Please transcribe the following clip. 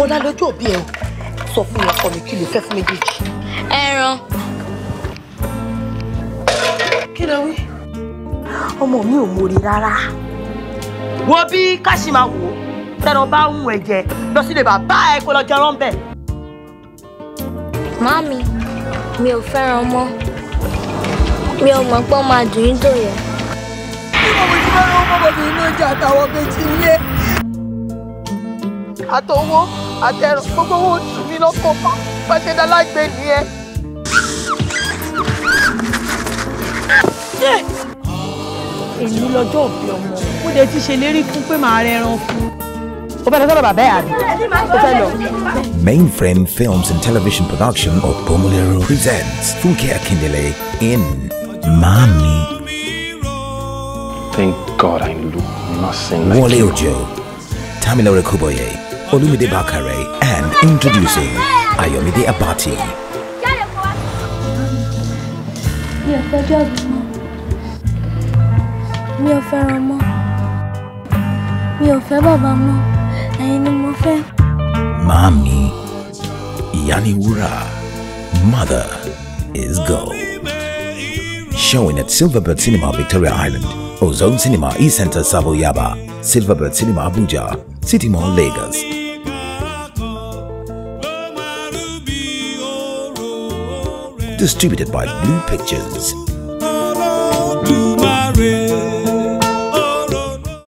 bọ́dá lójú òbí ẹ o sọ fún mi ọkọ mi kí ló fẹ́ fún méjèèjì. ẹran. kí ló wí. ọmọ mi ò mórí rárá. wo bí káṣí máa wò ó tẹnu bá ń wẹ̀ jẹ lọ sílé bàbá ẹ kó lọ jẹran bẹ́ẹ̀. màámi mi ò fẹ́ràn mọ́ mi ò mọ̀ pé ó máa dùn ín dòyẹ. bí mo mọ̀ sí ọmọ bọ̀dọ̀ inú ọjà àtàwọn méjì ń lé. àtọwọ́ àtẹrù gbogbo owó oṣù mi lọ kọ fún pàṣẹ dálágbé nìyẹn. èmi lọ́jọ́ òbí ọmọ mo dé ti ṣèlérí fún pé màá rẹran fún un. fẹ́ lọ sọ́dọ̀ bàbá ẹ̀ àbí o fẹ́ lọ. Mainframe Films and Television Production of Bomolero presents Funke Akindele in Mami. Thank God I look nothing like Wale Ojo, Tamilore Kuboye, Olumide Bakare and introducing Ayomide Abati. Mi ò fẹ́ jọ́ọ̀gì mọ́. Mi ò fẹ́ràn mọ́. Yaniwura, mother is gold. Showing at Silverbird Cinema Victoria Island, Ozone Cinema East Centre Savoyaba, Silverbird Cinema Abuja, City Mall, Lagos. Distributed by Blue Pictures.